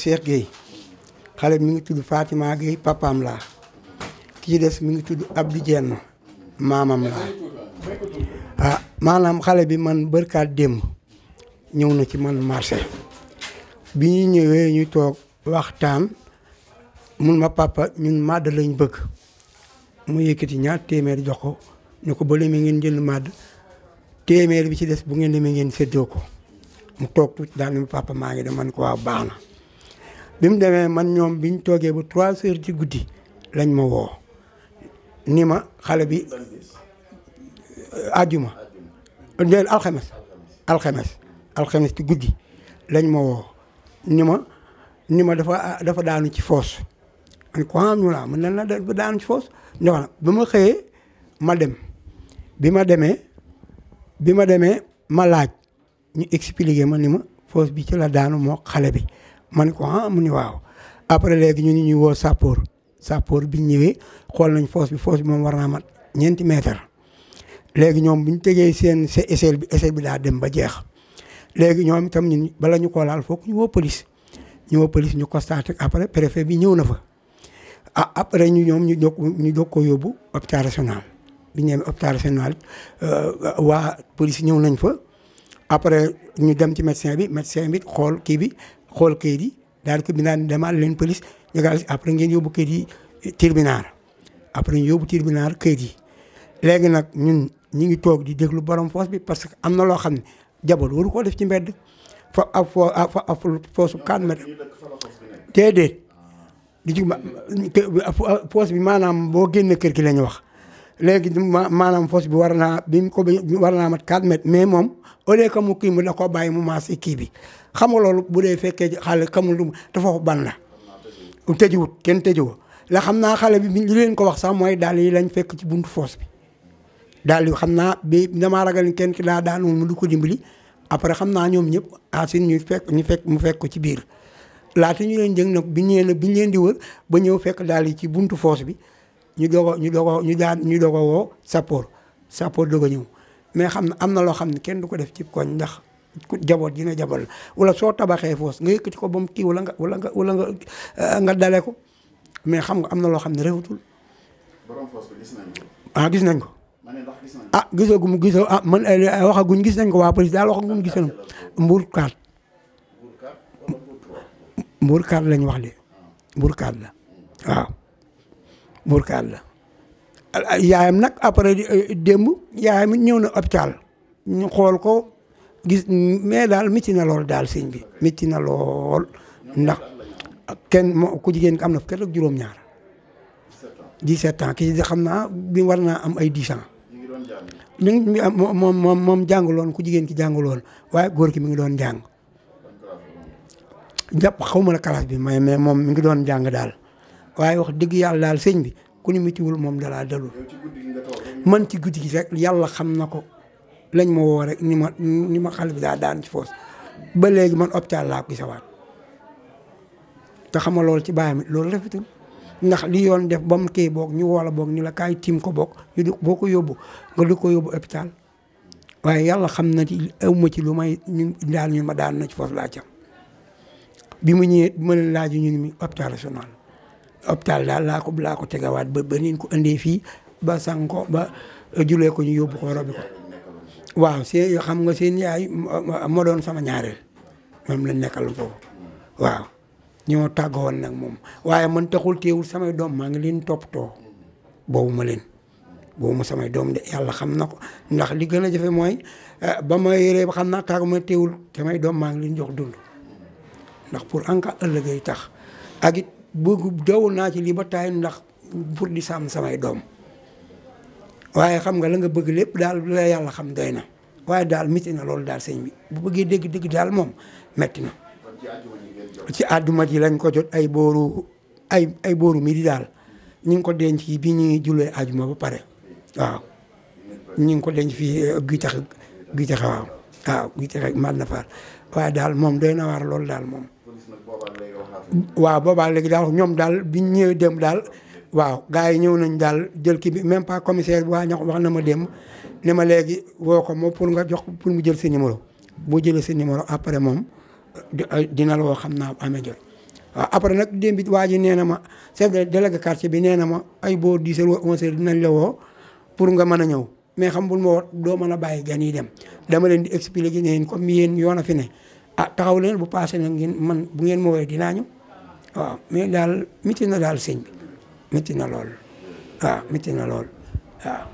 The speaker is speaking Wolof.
Cheikh Gueye xale mi ngi tudd Fatima Gueye papaam laa kii des mi ngi tudd Abdou Dieng maamam laa ah maanaam xale bi man bërkaat démb ñëw na ci man marché bi ñu ñëwee ñu toog waxtaan mun ma papa ñun màdd lañ bëgg mu yëkkati ñaar téeméer jox ko ñu ko ba leme ngeen jënd màdd téeméer bi ci des bu ngeen demee ngeen séddoo ko mu toog tuuti daal ni ma papa maa ngi dem man ko waaw baax na bi mu demee man ñoom bi ñu toogee ba trois heures ci guddi lañ ma woo ni ma xale bi ajuma ndeel alxames alxames alxames ci guddi lañ ma woo ni ma ni ma dafa daanu ci foos man ko xam ah, ñu laa ah, mën na la daanu ci foos ñu wax ba ma xëyee ma dem bi ma demee bi ma demee ma laaj ñu expliqué ma ni ma foos bi ci la daanu moo xale bi ma ne ko ah mu ni waaw après léegi ñu ni ñuy woo sappoor sappoor bi ñu ñëwee xool nañ foos bi foos bi moom war naa mat ñeenti mètre léegi ñoom bu ñu tegee seen seen bi échelle bi daa dem ba jeex léegi ñoom itam ñu bala ñu ko laal foog ñu woo police ñu woo police ñu constaté après préfet bi ñëw na fa ah après ñu ñoom ñu doog ñu doog ko yóbbu hôpital régional bi ñu demee hôpital régional euh, waa police ñëw nañ fa après ñu dem ci médecin bi médecin bi xool kii bi xool kayit yi daal ko binaan demal leen police après ngeen yóbbu kayit yi tribunal après ñu yóbbu tribunal kayit yi léegi nag ñun ñu ngi toog di déglu borom foos bi parce que am na loo xam ne jaboot waru koo def ci mbedd fa ab foo fa ab foosu 4 mètres déedéet foos bi maanaam boo génn kër gi la ñu wax léegi maanaam fosse bi war naa bi ko war naa mat 4 mètres mais moom au lieu que mu kii mu da koo bàyyi mu maas kii bi xam nga loolu bu dee fekkee xale xamul lu foofu ban na la. tëjiwut kenn tëjiwoo la xam naa xale bi li leen ko wax sax mooy daal yi lañ fekk ci buntu fosse bi. daal yi xam naa bi na maa ragal kenn ki daa daanu mu du ko dimbali après xam naa ñoom ñëpp asin ñu fekk ñu fekk mu fekk ko ci biir laata ñu leen jëng nag bi ñu leen bi leen di wër ba ñëw fekk daal yi ci buntu fosse bi. ñu doog ñu doog ñu daan ñu doog woo sappoor sappoor doog a ñëw mais xam na am na loo xam ne kenn du ko def ci koñ ndax ku jaboot dina jabal wala soo tabaxee foos nga yëkkati ko ba mu kii wala nga wala nga wala nga euh, dale ko mais xam nga am na loo xam ne réwatul. borom foos gis nañ ko. ah gis nañ ko. ah gisoo gu mu gisoo ah man eh, eh, waxaguñ gis nañ ko waa police daal waxaguñ gis nañ ko mbuur kaat. mbuur kaat lañ wax de ah. mbuur kaat la hmm. waaw. burkaan la yaayam nag après euh, démb yaayam ñëw na hôpital ñu xool ko gis mais daal métti na lool daal sëñ bi métti na lool ndax kenn moo ku jigéen am na fukki ak juróom-ñaar 17 ans ki xam naa bi war naa am ay 10 ans ñu ngi moom moom moom jànguloon ku jigéen ki jànguloon waaye góor ki mi ngi doon jàng jàpp xaw ma la classe bi mais mais moom mi ngi doon jàng daal waaye wax dëgg yàlla daal sëñ bi ku ni mitiwul moom dalaa dalul man ci guddi gi rek yàlla xam na ko lañ ma woo rek ni ma ni ma xale daa daan ci foos ba léegi man hôpital laa ko gisawaat te xam nga loolu ci bàyyam it loolu rafetul ndax li yoon def ba mu kii boog ñu woola boog ni la kaay tiim ko boog ñu di boo ko yóbbu nga di ko yóbbu hôpital waaye yàlla xam na ci aw ci lu may ñu daal ñu ma daan na ci foos laa cam bi mu ñëwee bi ma leen laaj ñu ni mi hôpital national hôpital daal laa ko laa ko tegawaat ba ba nin ko indee fii ba sang ko ba eh, julee ko ñu yóbbu ko robi ko waaw seen xam nga seen yaay ma doon sama ñaareel moom lañ nekkal foofu waaw ñoo tàggoon nag moom waaye man taxul teewul samay doom maa ngi leen toppatoo boobu ma leen boobu ma samay doom de yàlla xam na ko ndax li gën a jafe mooy eh, ba ma yoree xam naa tàggu ma teewul samay doom maa ngi leen jox dund ndax pour en cas ëllëgay tax ak bëgg dawul naa ci lii ba taay ndax pour di sàmm samay doom waaye xam nga la nga bëgg lépp daal la yàlla xam doy na waaye daal métti na loolu daal sëñ bi bu bëggee dégg daal moom métti na. ci àdduma ji lañ ko jot ay boru ay ay booru mi daal ñu ngi ko denc bi ñuy jullee àjjuma ba pare waaw. ñu ngi ko denc fii guy tax guy tax waaye daal moom doy na waar loolu daal moom. waaw boobaa léegi daal ñoom daal bi ñëwee dem daal waaw gars yi ñëw nañ daal jël kii bi même pas commissaire bi waa ñax wax na ma dem ne ma léegi woo ko moom pour nga jox pour mu jël sa numéro. boo jëlee sa numéro après moom dina la woo xam naa amee jot waaw après nag démb waa ji nee na ma chef de délégué bi nee na ma ay boo dix heures onze heures dinañ la woo pour nga mën a ñëw mais xam bu ma woo doo mën a bàyyi gan yi dem dama leen di expliquer ne comme yéen yoon a fi ne. ah taxaw leen bu paase nag ngeen man bu ngeen ma woowee dinaa ñëw waaw mais daal métti na daal sëñ bi métti na lool a métti na lool waaw.